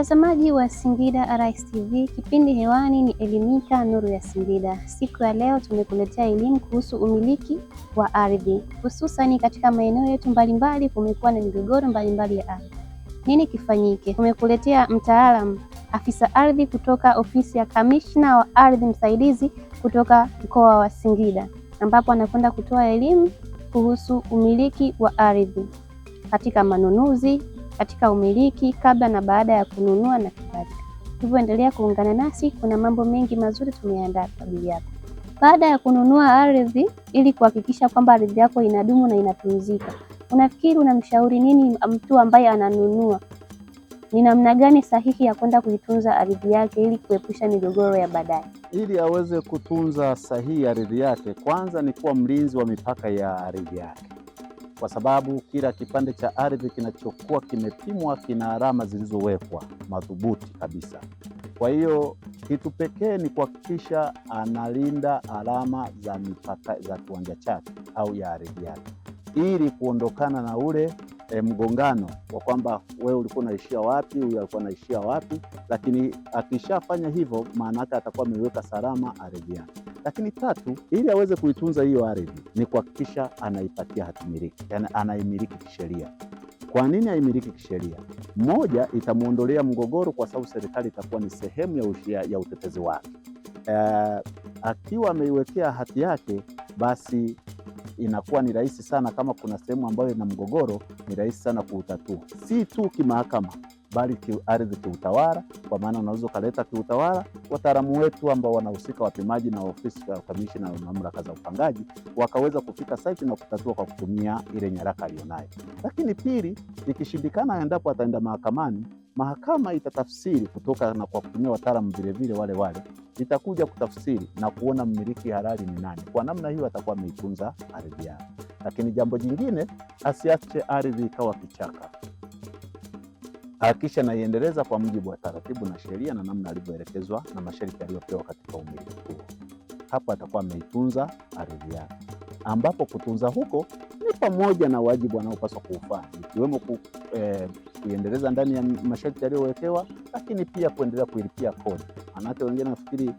Mtazamaji wa Singida Arise TV, kipindi hewani ni Elimika Nuru ya Singida. Siku ya leo tumekuletea elimu kuhusu umiliki wa ardhi, hususani katika maeneo yetu mbalimbali kumekuwa na migogoro mbalimbali ya ardhi. Nini kifanyike? Tumekuletea mtaalamu, afisa ardhi kutoka ofisi ya kamishna wa ardhi msaidizi kutoka mkoa wa Singida, ambapo anakwenda kutoa elimu kuhusu umiliki wa ardhi katika manunuzi katika umiliki, kabla na baada ya kununua na kadhalika. Hivyo endelea kuungana nasi, kuna mambo mengi mazuri tumeandaa kwa ajili yako. Baada ya kununua ardhi, ili kuhakikisha kwamba ardhi yako inadumu na inatunzika, unafikiri unamshauri nini mtu ambaye ananunua? Ni namna gani sahihi ya kwenda kuitunza ardhi yake ili kuepusha migogoro ya baadaye? Ili aweze kutunza sahihi ardhi yake, kwanza ni kuwa mlinzi wa mipaka ya ardhi yake kwa sababu kila kipande cha ardhi kinachokuwa kimepimwa kina alama zilizowekwa madhubuti kabisa. Kwa hiyo kitu pekee ni kuhakikisha analinda alama za mipaka za kiwanja chake au ya ardhi yake ili kuondokana na ule e, mgongano wa kwamba wewe ulikuwa unaishia wapi, huyu alikuwa anaishia wapi. Lakini akishafanya hivyo, maana yake atakuwa ameiweka salama ardhi yake. Lakini tatu, ili aweze kuitunza hiyo ardhi ni kuhakikisha anaipatia hatimiliki, yani anaimiliki kisheria. Kwa nini aimiriki kisheria? Moja, itamwondolea mgogoro, kwa sababu serikali itakuwa ni sehemu ya, ushia, ya utetezi wake. Uh, akiwa ameiwekea hati yake basi inakuwa ni rahisi sana. Kama kuna sehemu ambayo ina mgogoro, ni rahisi sana kuutatua, si tu kimahakama, bali kiardhi, kiutawala, kwa maana unaweza ukaleta kiutawala wataalamu wetu ambao wanahusika, wapimaji na ofisi ya kamishina na mamlaka za upangaji, wakaweza kufika saiti na kutatua kwa kutumia ile nyaraka aliyonayo. Lakini pili, ikishindikana, endapo ataenda mahakamani, mahakama itatafsiri kutoka na kwa kutumia wataalamu vilevile wale wale nitakuja kutafsiri na kuona mmiliki halali ni nani. Kwa namna hiyo atakuwa ameitunza ardhi yake. Lakini jambo jingine, asiache ardhi ikawa kichaka, hakikisha naiendeleza kwa mujibu wa taratibu na sheria na namna alivyoelekezwa na masharti aliyopewa katika umiliki huo. Hapo atakuwa ameitunza ardhi yake, ambapo kutunza huko ni pamoja na wajibu wanaopaswa kuufanya ikiwemo ku, eh, kuiendeleza ndani ya masharti yaliyowekewa, lakini pia kuendelea kuilipia kodi Manake wengine nafikiri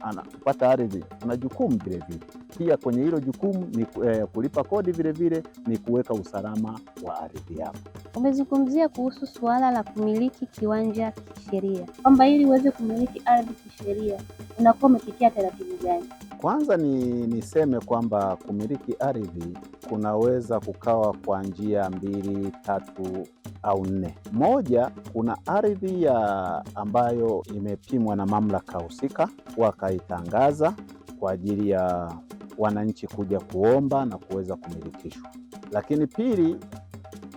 anapata ardhi ana jukumu vilevile, pia kwenye hilo jukumu ni eh, kulipa kodi vilevile, ni kuweka usalama wa ardhi yako. Umezungumzia kuhusu suala la kumiliki kiwanja kisheria, kwamba ili uweze kumiliki ardhi kisheria unakuwa umepitia taratibu gani? Kwanza ni niseme kwamba kumiliki ardhi kunaweza kukawa kwa njia mbili, tatu au nne. Moja, kuna ardhi ya ambayo imepimwa na mamlaka husika wakaitangaza kwa ajili ya wananchi kuja kuomba na kuweza kumilikishwa. Lakini pili,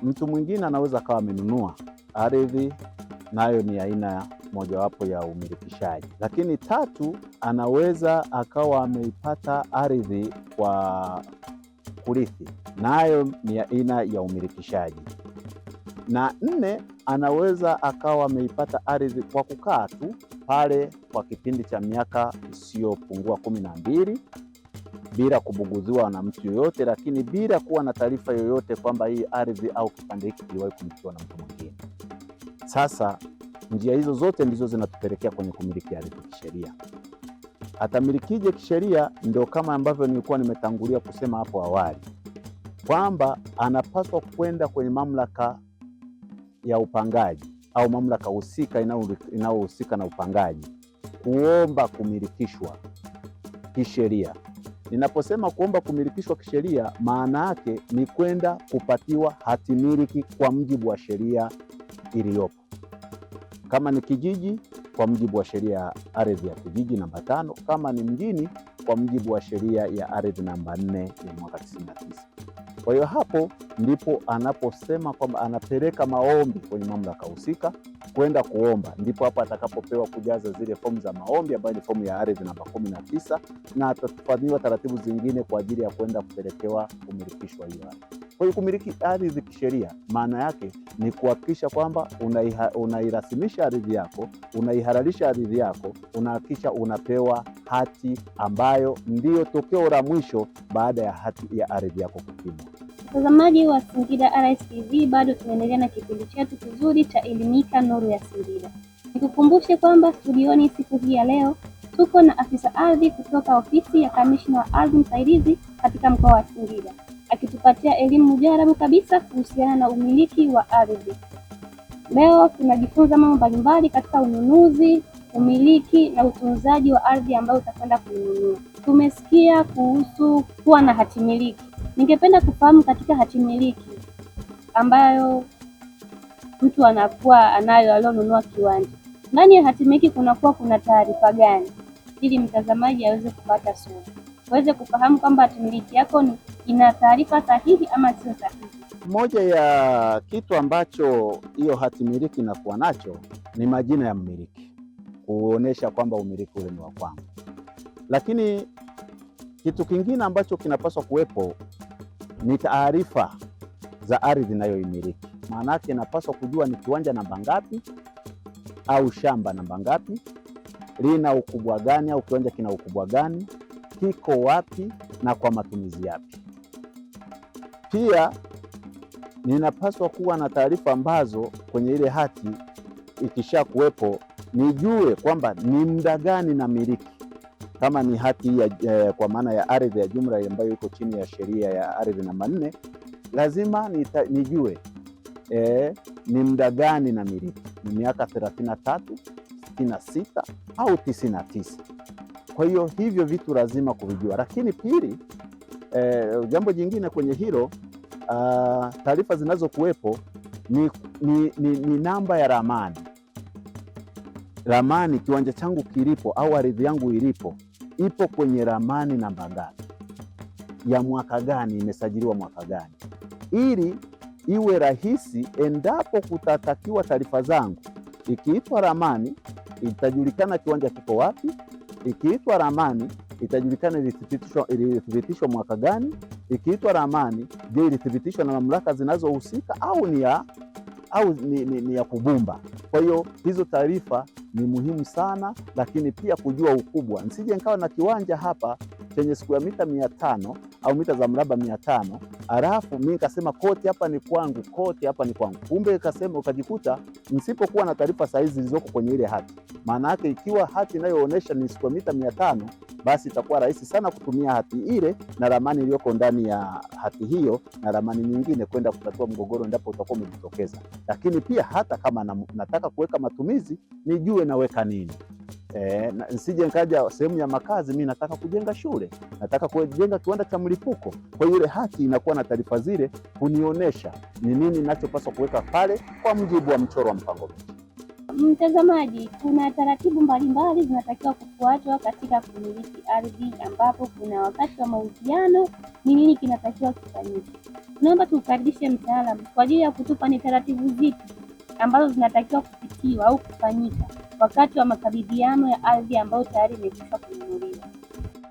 mtu mwingine anaweza akawa amenunua ardhi, nayo ni aina mojawapo ya umilikishaji. Lakini tatu, anaweza akawa ameipata ardhi kwa kurithi, nayo ni aina ya umilikishaji. Na nne, anaweza akawa ameipata ardhi kwa kukaa tu pale kwa kipindi cha miaka isiyopungua kumi na mbili bila kubuguziwa na mtu yoyote, lakini bila kuwa na taarifa yoyote kwamba hii ardhi au kipande hiki kiliwahi kumilikiwa na mtu mwingine. Sasa Njia hizo zote ndizo zinatupelekea kwenye kumiliki ardhi kisheria. Atamiliki kisheria, ndio kama ambavyo nilikuwa nimetangulia kusema hapo awali kwamba anapaswa kwenda kwenye mamlaka ya upangaji au mamlaka husika inayohusika na upangaji kuomba kumilikishwa kisheria. Ninaposema kuomba kumilikishwa kisheria, maana yake ni kwenda kupatiwa hatimiliki kwa mujibu wa sheria iliyopo. Kama ni kijiji, kwa mujibu wa sheria ya ardhi ya kijiji namba tano. Kama ni mjini, kwa mujibu wa sheria ya ardhi namba nne ya mwaka 99. Kwa hiyo hapo ndipo anaposema kwamba anapeleka maombi kwenye mamlaka husika kwenda kuomba, ndipo hapo atakapopewa kujaza zile fomu za maombi ambayo ni fomu ya ardhi namba 19 na atafanyiwa taratibu zingine kwa ajili ya kwenda kupelekewa kumilikishwa hiyo ardhi. Kwa hiyo kumiliki ardhi kisheria maana yake ni kuhakikisha kwamba unairasimisha una ardhi yako, unaihalalisha ardhi yako, unahakikisha unapewa hati ambayo ndiyo tokeo la mwisho baada ya hati ya ardhi yako kupimwa. Mtazamaji wa Singida RSTV, bado tunaendelea na kipindi chetu kizuri cha Elimika Nuru ya Singida. Nikukumbushe kwamba studioni siku hii ya leo tuko na afisa ardhi kutoka ofisi ya kamishina wa ardhi msaidizi katika mkoa wa Singida akitupatia elimu jarabu kabisa kuhusiana na umiliki wa ardhi. Leo tunajifunza mambo mbalimbali katika ununuzi, umiliki na utunzaji wa ardhi ambayo utakwenda kununua. Tumesikia kuhusu kuwa na hatimiliki. Ningependa kufahamu katika hatimiliki ambayo mtu anakuwa anayo alionunua kiwanja, ndani ya hatimiliki kunakuwa kuna taarifa gani, ili mtazamaji aweze kupata sura uweze kufahamu kwamba miliki yako ni ina taarifa sahihi ama sio sahihi. Moja ya kitu ambacho hiyo hatimiliki inakuwa nacho ni majina ya mmiliki, kuonyesha kwamba umiliki ule ni wa kwangu. Lakini kitu kingine ambacho kinapaswa kuwepo ni taarifa za ardhi inayoimiliki. Maana yake inapaswa kujua ni kiwanja namba ngapi au shamba namba ngapi, lina ukubwa gani au kiwanja kina ukubwa gani kiko wapi na kwa matumizi yapi. Pia ninapaswa kuwa na taarifa ambazo kwenye ile hati ikisha kuwepo nijue kwamba ni muda gani na miliki kama ni hati ya, eh, kwa maana ya ardhi ya jumla ambayo iko chini ya sheria ya ardhi namba nne, lazima nita, nijue eh, ni muda gani na miliki ni miaka 33, 66 au 99. Kwa hiyo hivyo vitu lazima kuvijua, lakini pili, eh, jambo jingine kwenye hilo uh, taarifa zinazokuwepo ni, ni, ni, ni namba ya ramani ramani kiwanja changu kilipo au ardhi yangu ilipo ipo kwenye ramani namba ngapi, ya mwaka gani, imesajiliwa mwaka gani, ili iwe rahisi endapo kutatakiwa taarifa zangu. Ikiitwa ramani, itajulikana kiwanja kiko wapi, Ikiitwa ramani itajulikana ilithibitishwa ilithibitishwa mwaka gani. Ikiitwa ramani, je, ilithibitishwa na mamlaka zinazohusika au ni ya au ni, ni, ni ya kubumba? Kwa hiyo hizo taarifa ni muhimu sana, lakini pia kujua ukubwa, nsije nkawa na kiwanja hapa chenye siku ya mita mia tano au mita za mraba mia tano halafu mi nikasema koti hapa ni kwangu, koti hapa ni kwangu. Kumbe ikasema ukajikuta msipokuwa na taarifa sahihi zilizoko kwenye ile hati, maana yake ikiwa hati inayoonyesha ni siku ya mita mia tano basi itakuwa rahisi sana kutumia hati ile na ramani iliyoko ndani ya hati hiyo na ramani nyingine kwenda kutatua mgogoro endapo utakuwa umejitokeza. Lakini pia hata kama nataka kuweka matumizi nijue naweka nini. E, eh, nsije nkaja sehemu ya makazi, mi nataka kujenga shule, nataka kujenga kiwanda cha mlipuko. Kwa hiyo ile hati inakuwa na taarifa zile kunionyesha ni nini ninachopaswa kuweka pale kwa mujibu wa mchoro wa mpango miji. Mtazamaji, kuna taratibu mbalimbali zinatakiwa kufuatwa katika kumiliki ardhi, ambapo kuna wakati wa mahusiano, ni nini kinatakiwa kufanyika. Tunaomba tuukaribishe mtaalamu kwa ajili ya kutupa ni taratibu zipi ambazo zinatakiwa kufikiwa au kufanyika wakati wa makabidhiano ya ardhi ambayo tayari imekwisha kununuliwa.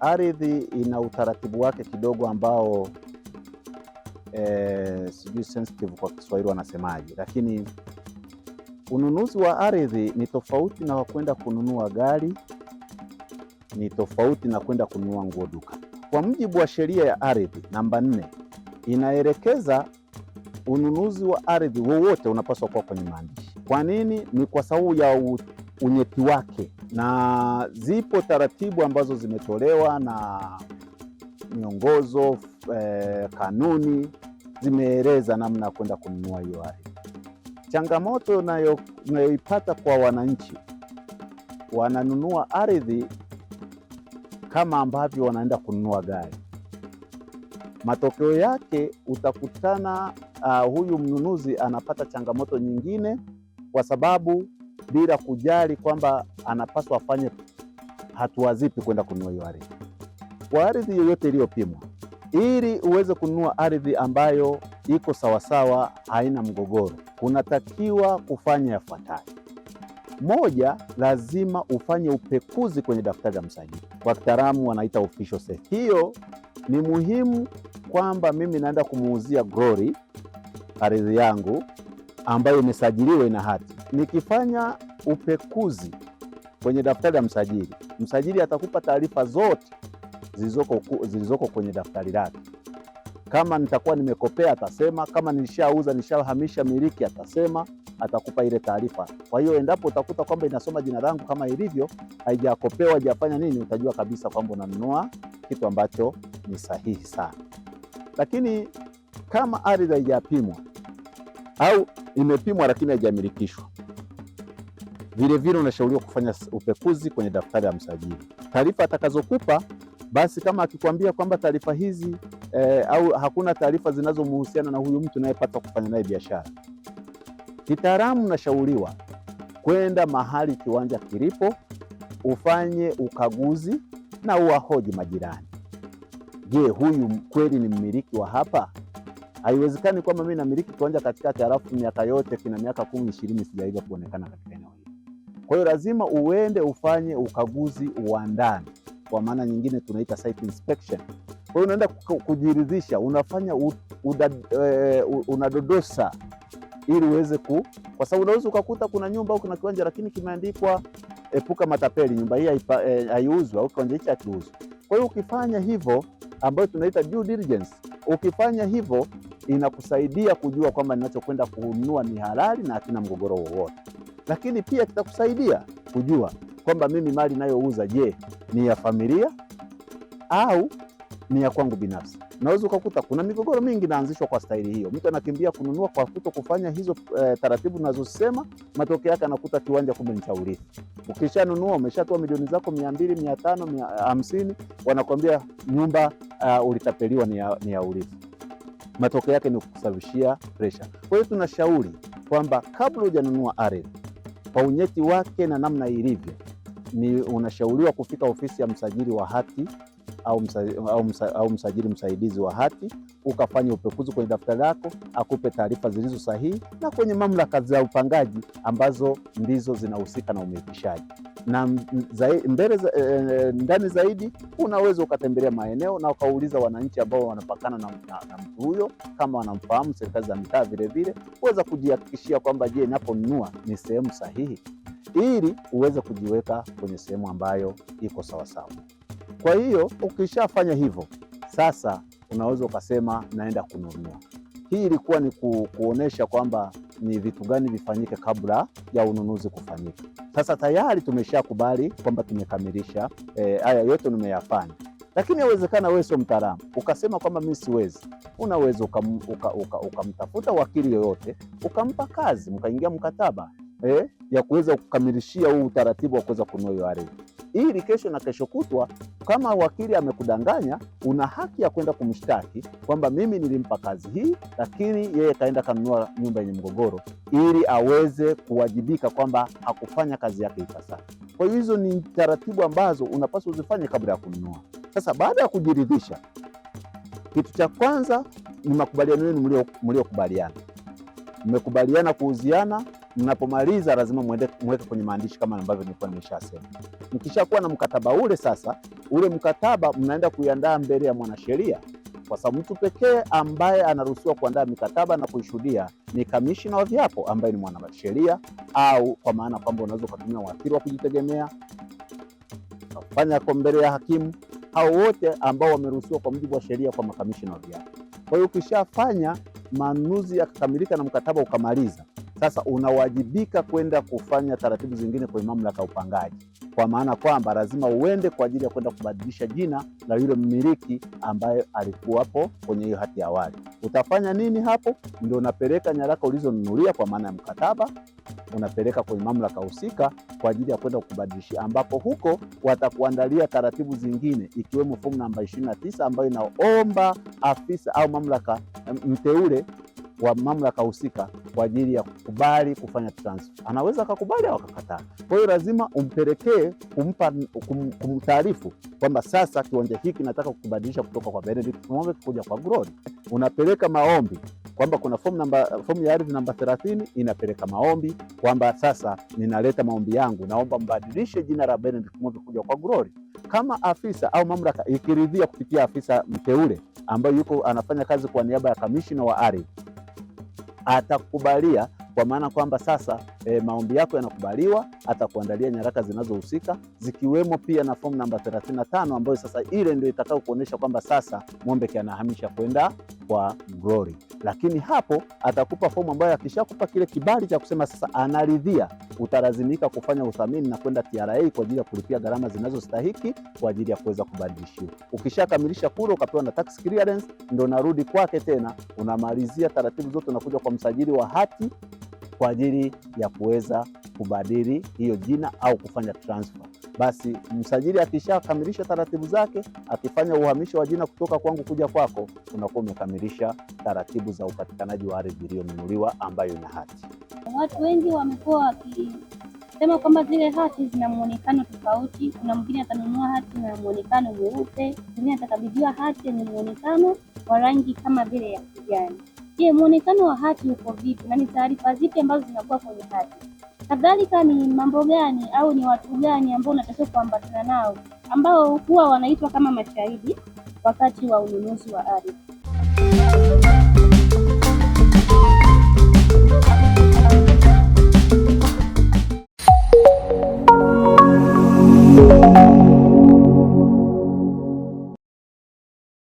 Ardhi ina utaratibu wake kidogo ambao eh, sijui sensitive kwa Kiswahili wanasemaje, lakini ununuzi wa ardhi ni tofauti na kwenda kununua gari, ni tofauti na kwenda kununua nguo duka. Kwa mujibu wa sheria ya ardhi namba nne inaelekeza ununuzi wa ardhi wowote unapaswa kuwa kwenye maandishi. Kwa nini? Ni kwa sababu ya unyepi unyeti wake, na zipo taratibu ambazo zimetolewa na miongozo eh, kanuni zimeeleza namna ya kwenda kununua hiyo ardhi. Changamoto inayoipata kwa wananchi, wananunua ardhi kama ambavyo wanaenda kununua gari. Matokeo yake utakutana uh, huyu mnunuzi anapata changamoto nyingine, kwa sababu bila kujali kwamba anapaswa afanye hatua zipi kwenda kununua hiyo ardhi. Kwa ardhi yoyote iliyopimwa, ili uweze kununua ardhi ambayo iko sawasawa, haina mgogoro, unatakiwa kufanya yafuatayo: moja, lazima ufanye upekuzi kwenye daftari la msajili, kwa kitaalamu wanaita official search. Hiyo ni muhimu kwamba mimi naenda kumuuzia Glory ardhi yangu ambayo imesajiliwa ina hati. Nikifanya upekuzi kwenye daftari la msajili, msajili atakupa taarifa zote zilizoko zilizoko kwenye daftari lake. Kama nitakuwa nimekopea atasema, kama nishauza nishahamisha miliki atasema, atakupa ile taarifa. Kwa hiyo endapo utakuta kwamba inasoma jina langu kama ilivyo, haijakopewa haijafanya nini, utajua kabisa kwamba unanunua kitu ambacho ni sahihi sana. Lakini kama ardhi haijapimwa au imepimwa lakini haijamilikishwa, vilevile unashauriwa kufanya upekuzi kwenye daftari la msajili. Taarifa atakazokupa basi, kama akikwambia kwamba taarifa hizi eh, au hakuna taarifa zinazomhusiana na huyu mtu nayepata kufanya naye biashara, kitaalamu unashauriwa kwenda mahali kiwanja kilipo, ufanye ukaguzi na uwahoji majirani. Je, huyu kweli ni mmiliki wa hapa? Haiwezekani kwamba mimi namiliki kiwanja katikati halafu miaka yote kina miaka kumi ishirini sijaiga kuonekana katika eneo hili. Kwa hiyo lazima uende ufanye ukaguzi wa ndani, kwa maana nyingine tunaita site inspection. Kwa hiyo unaenda kujiridhisha, unafanya e, unadodosa ili uweze ku, kwa sababu unaweza ukakuta kuna nyumba au kuna kiwanja lakini kimeandikwa epuka matapeli, nyumba hii e, haiuzwi au kiwanja hichi hakiuzwi. Kwa hiyo ukifanya hivyo ambayo tunaita due diligence. Ukifanya hivyo inakusaidia kujua kwamba ninachokwenda kununua ni halali na hakina mgogoro wowote, lakini pia kitakusaidia kujua kwamba mimi mali inayouza je, ni ya familia au ni ya kwangu binafsi. Naweza ukakuta kuna migogoro mingi inaanzishwa kwa staili hiyo, mtu anakimbia kununua kwa kuto kufanya hizo e, taratibu nazosema. Matokeo yake anakuta kiwanja kumbe ni cha urithi. Ukishanunua umeshatoa milioni zako mia mbili, mia tano, mia eh, hamsini, wanakuambia nyumba uh, ulitapeliwa ni ya, ni ya urithi. Matokeo yake ni kukusababishia presha. Kwa hiyo tunashauri kwamba kabla hujanunua ardhi kwa unyeti wake na namna ilivyo, ni unashauriwa kufika ofisi ya msajili wa hati au, msa, au, msa, au msajili msaidizi wa hati ukafanya upekuzi kwenye daftari lako, akupe taarifa zilizo sahihi, na kwenye mamlaka za upangaji ambazo ndizo zinahusika na umilikishaji na mbele za, e, ndani zaidi unaweza ukatembelea maeneo na ukauliza wananchi ambao wanapakana na, na, na mtu huyo, kama wanamfahamu serikali za mitaa, vilevile kuweza kujihakikishia kwamba je, inaponunua ni sehemu sahihi, ili uweze kujiweka kwenye sehemu ambayo iko sawasawa. Kwa hiyo ukishafanya hivyo sasa, unaweza ukasema naenda kununua. Hii ilikuwa ni ku, kuonesha kwamba ni vitu gani vifanyike kabla ya ununuzi kufanyika. Sasa tayari tumeshakubali kwamba tumekamilisha e, haya yote nimeyafanya, lakini yawezekana wewe sio mtaalamu ukasema kwamba mimi siwezi. Unaweza ukamtafuta uka, uka, uka wakili yoyote ukampa kazi, mkaingia mkataba e, ya kuweza kukamilishia huu utaratibu wa kuweza kununua hiyo ardhi ili kesho na kesho kutwa, kama wakili amekudanganya, una haki ya kwenda kumshtaki kwamba mimi nilimpa kazi hii, lakini yeye kaenda kanunua nyumba yenye mgogoro, ili aweze kuwajibika kwamba hakufanya kazi yake ipasavyo. Kwa hiyo hizo ni taratibu ambazo unapaswa uzifanye kabla ya kununua. Sasa baada ya kujiridhisha, kitu cha kwanza ni makubaliano yenu mliokubaliana. Mmekubaliana kuuziana mnapomaliza lazima mweke kwenye maandishi kama ambavyo nilikuwa nimeshasema. Mkishakuwa na mkataba ule, sasa ule mkataba mnaenda kuiandaa mbele ya mwanasheria, kwa sababu mtu pekee ambaye anaruhusiwa kuandaa mikataba na kuishuhudia ni kamishina wa viapo ambaye ni mwanasheria, au kwa maana kwamba unaweza ukatumia waathiri wa kujitegemea kufanya ko mbele ya hakimu. Hao wote ambao wameruhusiwa kwa mujibu wa sheria kwa makamishina wa viapo. Kwa hiyo ukishafanya manuzi yakakamilika na mkataba ukamaliza sasa unawajibika kwenda kufanya taratibu zingine kwenye mamlaka ya upangaji, kwa maana kwamba lazima uende kwa ajili ya kwenda kubadilisha jina la yule mmiliki ambaye alikuwapo kwenye hiyo hati ya awali. Utafanya nini hapo? Ndio unapeleka nyaraka ulizonunulia kwa maana ya mkataba, unapeleka kwenye mamlaka husika kwa ajili ya kwenda kubadilishia, ambapo huko watakuandalia taratibu zingine ikiwemo fomu namba 29 ambayo inaomba afisa au mamlaka eh, mteule wa mamlaka husika kwa ajili ya kukubali kufanya transfer. Anaweza akakubali au akakataa. Kwa hiyo lazima umpelekee, kumpa, kum, kumtaarifu kwamba sasa kiwanja hiki nataka kukibadilisha kutoka kwa Benedict Mwangi kuja kwa Glory. Unapeleka maombi kwamba kuna fomu namba fomu ya ardhi namba 30 inapeleka maombi kwamba sasa ninaleta maombi yangu, naomba mbadilishe jina la Benedict Mwangi kuja kwa Glory. Kama afisa au mamlaka ikiridhia kupitia afisa mteule ambayo yuko anafanya kazi kwa niaba ya kamishina wa ardhi atakubalia kwa maana kwamba sasa e, maombi yako yanakubaliwa, atakuandalia nyaraka zinazohusika zikiwemo pia na fomu namba 35 ambayo sasa ile ndio itakao kuonyesha kwamba sasa Mombek anahamisha kwenda kwa Glory. Lakini hapo atakupa fomu ambayo akishakupa kile kibali cha kusema sasa analidhia, utalazimika kufanya uthamini na kwenda TRA kwa ajili ya kulipia gharama zinazostahiki kwa ajili ya kuweza kubadilishiwa. Ukishakamilisha kura ukapewa na tax clearance, ndio narudi kwake tena, unamalizia taratibu zote, unakuja kwa msajili wa hati kwa ajili ya kuweza kubadili hiyo jina au kufanya transfer. Basi msajili akishakamilisha taratibu zake, akifanya uhamisho wa jina kutoka kwangu kuja kwako, unakuwa umekamilisha taratibu za upatikanaji wa ardhi iliyonunuliwa ambayo ina hati. Watu wengi wamekuwa wakisema kwamba zile hati zina muonekano tofauti. Kuna mwingine atanunua hati na muonekano mweupe, mwingine atakabidhiwa hati yenye muonekano wa rangi kama vile ya kijani. Je, muonekano wa hati uko vipi na ni taarifa zipi ambazo zinakuwa kwenye hati? Kadhalika ni mambo gani au ni watu gani ambao unatakiwa kuambatana nao ambao huwa wanaitwa kama mashahidi wakati wa ununuzi wa ardhi.